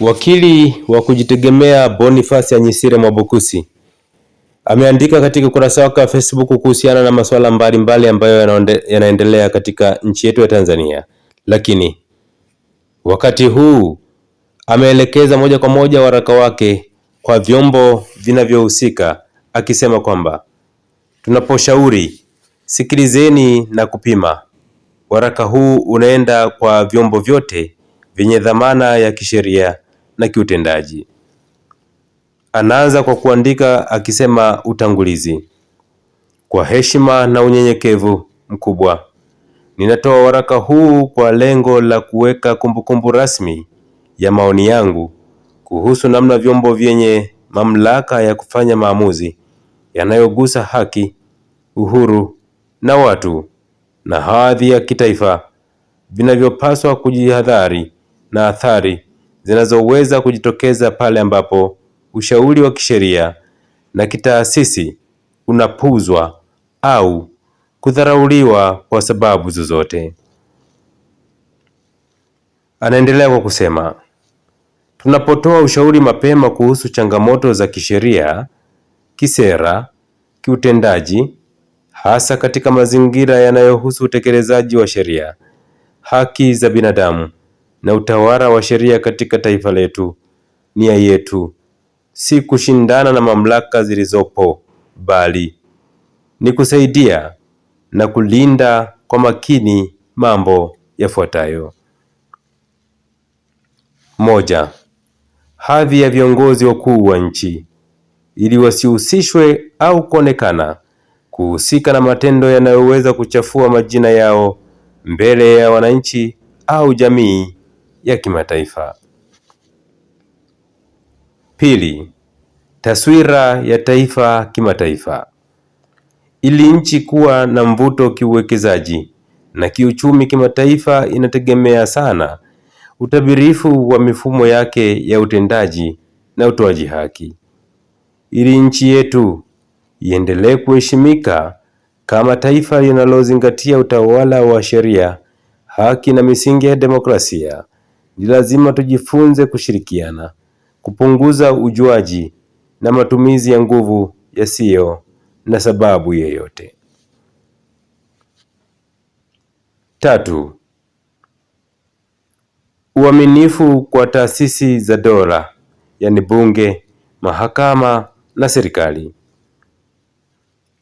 Wakili wa kujitegemea Boniface Anyisire Mwabukusi ameandika katika ukurasa wake wa Facebook kuhusiana na masuala mbalimbali ambayo yanaendelea katika nchi yetu ya Tanzania, lakini wakati huu ameelekeza moja kwa moja waraka wake kwa vyombo vinavyohusika akisema kwamba tunaposhauri sikilizeni na kupima. Waraka huu unaenda kwa vyombo vyote vyenye dhamana ya kisheria na kiutendaji. Anaanza kwa kuandika akisema utangulizi. Kwa heshima na unyenyekevu mkubwa, ninatoa waraka huu kwa lengo la kuweka kumbukumbu rasmi ya maoni yangu kuhusu namna vyombo vyenye mamlaka ya kufanya maamuzi yanayogusa haki, uhuru na watu na hadhi ya kitaifa vinavyopaswa kujihadhari na athari zinazoweza kujitokeza pale ambapo ushauri wa kisheria na kitaasisi unapuuzwa au kudharauliwa kwa sababu zozote. Anaendelea kwa kusema, tunapotoa ushauri mapema kuhusu changamoto za kisheria, kisera, kiutendaji, hasa katika mazingira yanayohusu utekelezaji wa sheria, haki za binadamu na utawala wa sheria katika taifa letu. Nia yetu si kushindana na mamlaka zilizopo, bali ni kusaidia na kulinda kwa makini mambo yafuatayo: moja, hadhi ya viongozi wakuu wa nchi ili wasihusishwe au kuonekana kuhusika na matendo yanayoweza kuchafua majina yao mbele ya wananchi au jamii ya kimataifa. Pili, taswira ya taifa kimataifa. Ili nchi kuwa na mvuto kiuwekezaji na kiuchumi kimataifa, inategemea sana utabirifu wa mifumo yake ya utendaji na utoaji haki. Ili nchi yetu iendelee kuheshimika kama taifa linalozingatia utawala wa sheria, haki na misingi ya demokrasia, ni lazima tujifunze kushirikiana, kupunguza ujuaji na matumizi ya nguvu yasiyo na sababu yoyote. Tatu, uaminifu kwa taasisi za dola, yaani bunge, mahakama na serikali,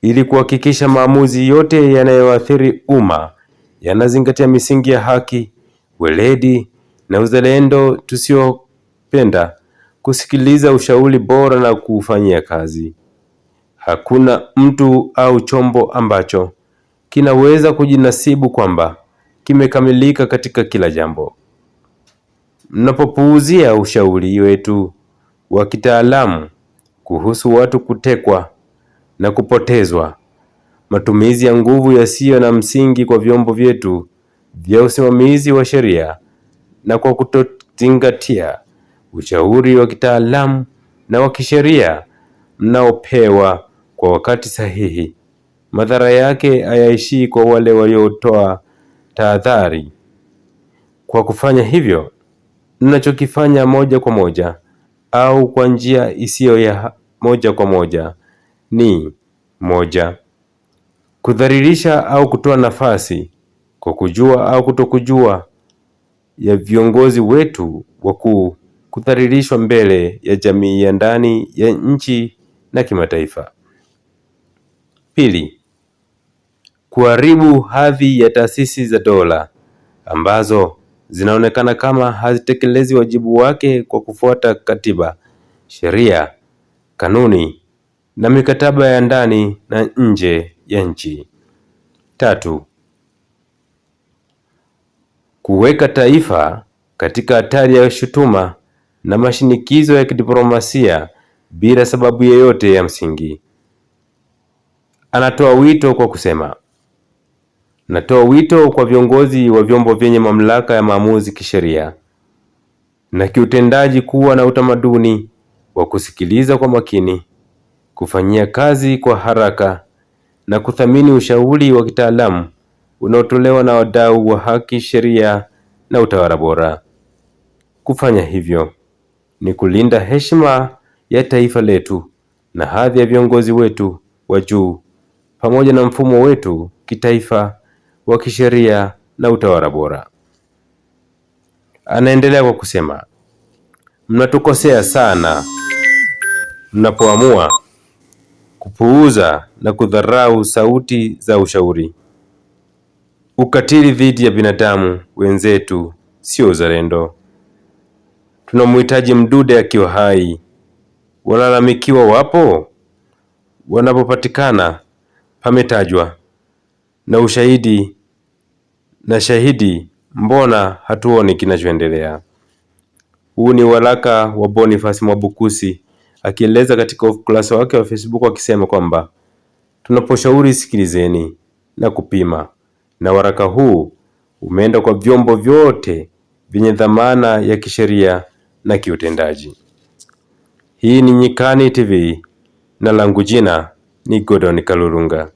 ili kuhakikisha maamuzi yote yanayoathiri umma yanazingatia misingi ya haki, weledi na uzalendo tusiopenda kusikiliza ushauri bora na kuufanyia kazi. Hakuna mtu au chombo ambacho kinaweza kujinasibu kwamba kimekamilika katika kila jambo. Mnapopuuzia ushauri wetu wa kitaalamu kuhusu watu kutekwa na kupotezwa, matumizi ya nguvu yasiyo na msingi kwa vyombo vyetu vya usimamizi wa sheria na kwa kutozingatia ushauri wa kitaalamu na wa kisheria mnaopewa kwa wakati sahihi. Madhara yake hayaishii kwa wale waliotoa tahadhari. Kwa kufanya hivyo, mnachokifanya moja kwa moja au kwa njia isiyo ya moja kwa moja ni moja, kudhalilisha au kutoa nafasi kwa kujua au kutokujua ya viongozi wetu wakuu kudhalilishwa mbele ya jamii ya ndani ya nchi na kimataifa. Pili, kuharibu hadhi ya taasisi za dola ambazo zinaonekana kama hazitekelezi wajibu wake kwa kufuata katiba, sheria, kanuni na mikataba ya ndani na nje ya nchi. Tatu, kuweka taifa katika hatari ya shutuma na mashinikizo ya kidiplomasia bila sababu yeyote ya msingi. Anatoa wito kwa kusema, natoa wito kwa viongozi wa vyombo vyenye mamlaka ya maamuzi kisheria na kiutendaji kuwa na utamaduni wa kusikiliza kwa makini, kufanyia kazi kwa haraka na kuthamini ushauri wa kitaalamu unaotolewa na wadau wa haki, sheria na utawala bora. Kufanya hivyo ni kulinda heshima ya taifa letu na hadhi ya viongozi wetu wa juu pamoja na mfumo wetu kitaifa wa kisheria na utawala bora. Anaendelea kwa kusema, mnatukosea sana mnapoamua kupuuza na kudharau sauti za ushauri. Ukatili dhidi ya binadamu wenzetu sio uzalendo. Tunamhitaji Mdude akiwa hai. Walalamikiwa wapo, wanapopatikana pametajwa na ushahidi na shahidi, mbona hatuoni kinachoendelea? Huu ni waraka wa Boniface Mwabukusi akieleza katika ukurasa wake wa Facebook akisema kwamba tunaposhauri sikilizeni na kupima na waraka huu umeenda kwa vyombo vyote vyenye dhamana ya kisheria na kiutendaji. Hii ni Nyikani TV na langu jina ni Gordon Kalurunga.